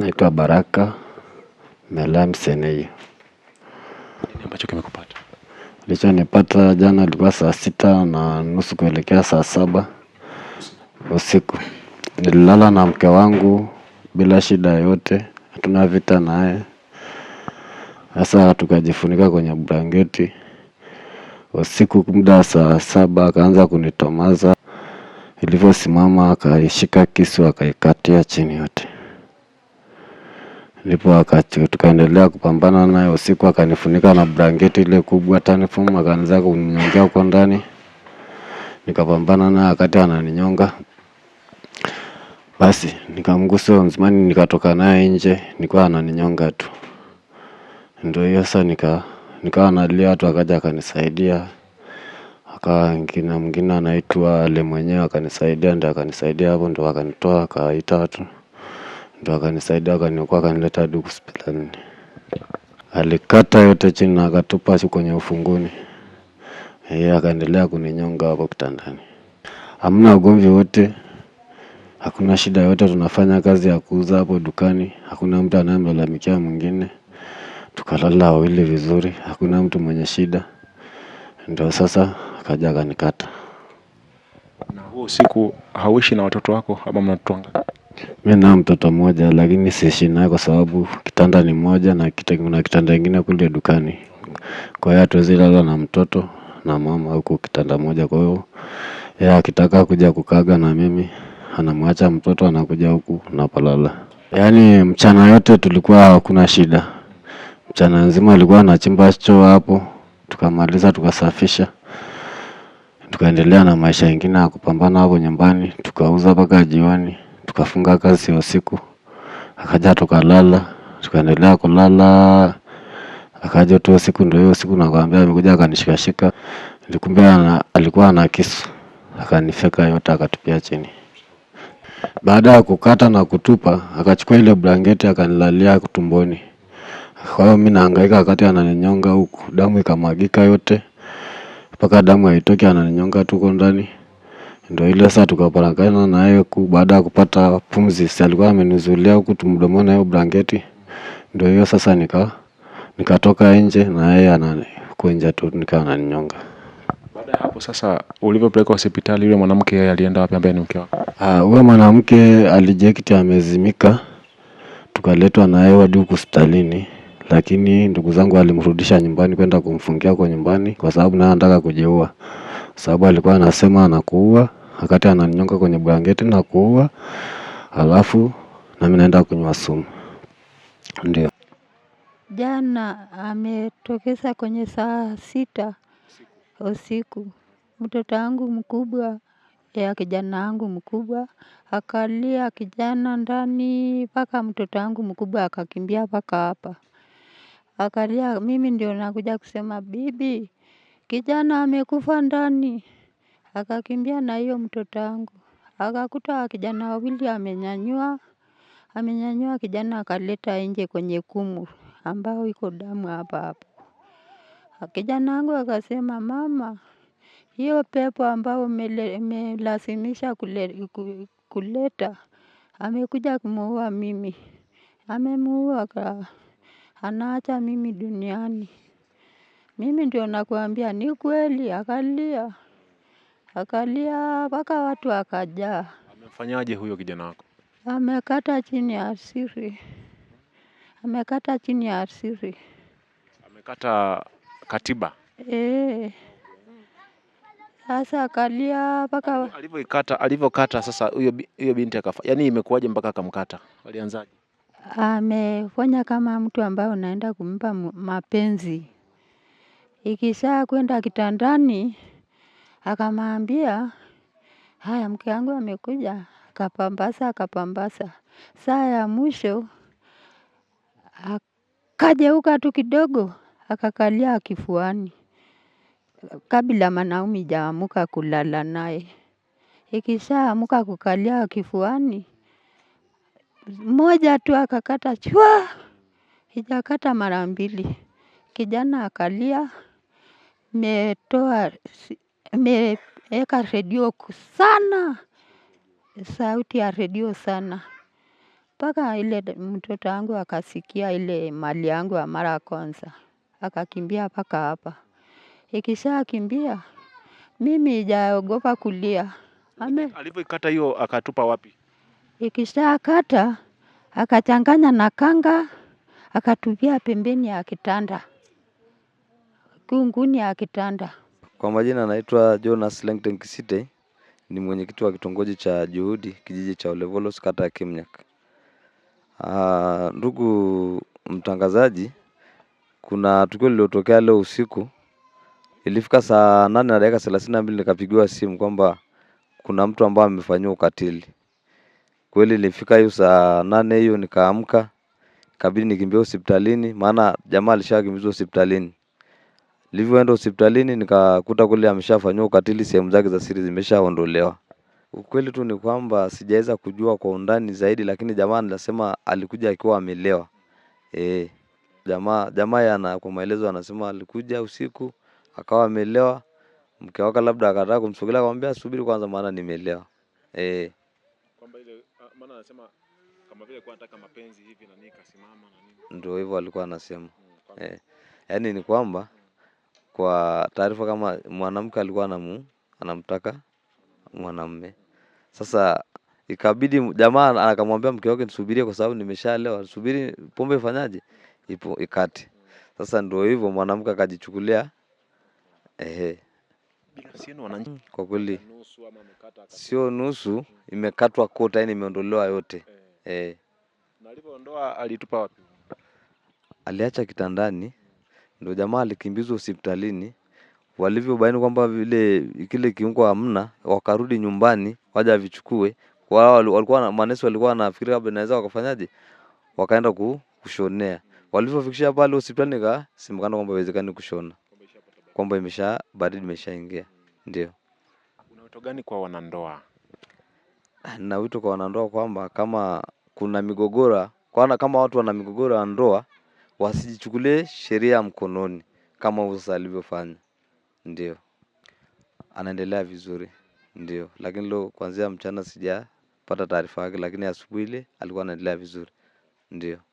Naitwa Baraka Melam Senei. ambacho kimekupata? Kilichonipata jana ilikuwa saa sita na nusu kuelekea saa saba usiku. Nililala na mke wangu bila shida yoyote, hatuna vita naye. Sasa tukajifunika kwenye blanketi. Usiku muda wa saa saba akaanza kunitomaza, ilivyosimama akaishika kisu akaikatia chini yote. Ndipo wakati tukaendelea kupambana naye usiku, akanifunika na blanketi ile kubwa tanifomu, akaanza kuninyongea huko ndani. Nikapambana naye wakati ananinyonga, basi nikamgusa mzimani, nikatoka naye nje, nilikuwa ananinyonga tu. Ndio hiyo sasa, nika nikawa nalia, watu akaja akanisaidia, akawa ngina mwingine anaitwa ale mwenyewe akanisaidia, ndio akanisaidia hapo, ndio akanitoa akaita watu Ndo akanisaidia akaniokoa akanileta hadi hospitalini. Alikata yote chini na akatupa kwenye ufunguni. Yeye akaendelea kuninyonga hapo kitandani. Hamna ugomvi wote, hakuna shida yote. Tunafanya kazi ya kuuza hapo dukani, hakuna mtu anayemlalamikia mwingine. Tukalala wawili vizuri, hakuna mtu mwenye shida. Ndo sasa akaja akanikata. Na huo usiku hauishi na watoto wako ama mnatwanga? Mi ninao mtoto mmoja lakini siishi naye kwa sababu kitanda ni moja na kuna kitanda ingine kule dukani. Kwa hiyo hatuwezi lala na mtoto na mama huku kitanda moja kwa hiyo yeye akitaka kuja kukaga na mimi anamwacha mtoto anakuja huku napolala. Yaani mchana yote tulikuwa hakuna shida. Mchana nzima alikuwa anachimba choo hapo. Tukamaliza tukasafisha. Tukaendelea na maisha ingine ya kupambana hapo nyumbani. Tukauza mpaka jioni tukafunga kazi usiku, akaja tukalala, tukaendelea kulala, akaja tu usiku, ndio hiyo siku nakwambia, amekuja akanishikashika, kumbe alikuwa na kisu, akanifeka yote, akatupia chini. Baada ya kukata na kutupa, akachukua ile blanketi akanilalia tumboni. Kwa hiyo mimi naangaika, wakati ananinyonga huku, damu ikamwagika yote mpaka damu haitoki, ananinyonga tuko ndani. Ndo ile saa tukaparakana na yeye ku baada ya kupata pumzi, si alikuwa amenizulia huku tumdomo na hiyo blanketi. Ndo hiyo sasa nika nikatoka nje na yeye anani kuenja tu nikawa ananinyonga. Baada ya hapo sasa, ulivyopelekwa hospitali, yule mwanamke yeye alienda wapi ambaye ni mke wako? Ah, huyo mwanamke alijekti amezimika, tukaletwa na yeye hadi huku hospitalini, lakini ndugu zangu alimrudisha nyumbani kwenda kumfungia kwa nyumbani, kwa sababu naye anataka kujiua, sababu alikuwa anasema anakuua wakati ananyonga kwenye blanketi na kuua, alafu nami naenda kunywa sumu. Ndio jana ametokeza kwenye saa sita usiku mtoto wangu mkubwa ya kijana wangu mkubwa akalia kijana ndani mpaka mtoto wangu mkubwa akakimbia mpaka hapa akalia. Mimi ndio nakuja kusema bibi, kijana amekufa ndani akakimbia na hiyo mtoto wangu, akakuta kijana wawili amenyanyua amenyanyua kijana akaleta nje kwenye kumu ambao iko damu hapa hapo. Kijana wangu akasema, mama, hiyo pepo ambao umelazimisha kuleta amekuja kumuua mimi, amemuua anaacha mimi duniani. Mimi ndio nakuambia ni kweli, akalia akalia mpaka watu wakajaa. Amemfanyaje huyo kijana wako? Amekata chini ya asiri, amekata chini ya asiri, amekata katiba e. Sasa akalia mpaka alivyokata, alivyokata sasa, huyo huyo binti akafa. Yaani imekuwaje mpaka akamkata? Walianzaje? Amefanya kama mtu ambaye unaenda kumpa mapenzi, ikisha kwenda kitandani Akamwambia, haya mke wangu amekuja, akapambasa, akapambasa. Saa ya mwisho, akageuka tu kidogo, akakalia kifuani. Kabla manaumi jaamuka kulala naye. ikishaamuka kukalia kifuani, moja tu akakata chwa, ijakata mara mbili. Kijana akalia, imetoa nimeweka redio sana. Sauti ya redio sana. Mpaka ile mtoto wangu akasikia ile mali yangu ya mara ya kwanza. Akakimbia mpaka hapa. Ikishakimbia. Mimi ijaogopa kulia. Alivyoikata hiyo akatupa wapi? Ikishakata, akachanganya na kanga, akatupia pembeni ya kitanda, kunguni ya kitanda. Kwa majina anaitwa Jonas Lengten Kisite, ni mwenyekiti wa kitongoji cha Juhudi, kijiji cha Olevolos, kata ya Kimnyak. Ah, ndugu mtangazaji, kuna tukio lililotokea leo usiku. Ilifika saa nane na dakika thelathini na mbili nikapigiwa simu kwamba kuna mtu ambaye amefanyiwa ukatili. Kweli ilifika hiyo saa nane hiyo nikaamka, kabidi nikimbia hospitalini, maana jamaa alishakimbizwa hospitalini. Nilivyoenda hospitalini nikakuta kule ameshafanyiwa ukatili, sehemu zake za siri zimeshaondolewa. Ukweli tu ni kwamba sijaweza kujua kwa undani zaidi, lakini jamaa nilasema alikuja akiwa amelewa. E, jamaa jamaa yana kwa maelezo anasema alikuja usiku akawa amelewa, mke wake labda akataka kumsogelea akamwambia subiri kwanza, maana nimelewa. E, kwamba ile maana anasema kama vile kwa anataka mapenzi hivi na nini kasimama na nini. Ndio hivyo alikuwa anasema. Mm, e. kwamba- Eh, yaani ni kwamba kwa taarifa kama mwanamke alikuwa anamu, anamtaka mwanamume. Sasa ikabidi jamaa akamwambia mke wake nisubirie, kwa sababu nimeshalewa, subiri pombe ifanyaje, ipo ikate. Sasa ndio hivyo mwanamke akajichukulia ehe. Kwa kweli sio nusu, imekatwa kota, yani imeondolewa yote eh. eh. Na alitupa wapi? Aliacha kitandani ndio jamaa alikimbizwa hospitalini, walivyobaini kwamba vile kile kiungo hamna, wakarudi nyumbani waje avichukue. Kwa walikuwa manesi walikuwa wanafikiria labda inaweza wakafanyaje, wakaenda kushonea. Walivyofikisha pale hospitalini, simkana kwamba haiwezekani kushona, kwamba imesha baridi imeshaingia. Ndio una wito gani kwa wanandoa? Na wito kwa wanandoa kwamba kama kuna kwa kama watu wana migogoro ya ndoa wasijichukulie sheria mkononi kama Musa alivyofanya. Ndio anaendelea vizuri, ndio lakini leo kuanzia mchana sijapata taarifa yake, lakini asubuhi ile alikuwa anaendelea vizuri, ndio.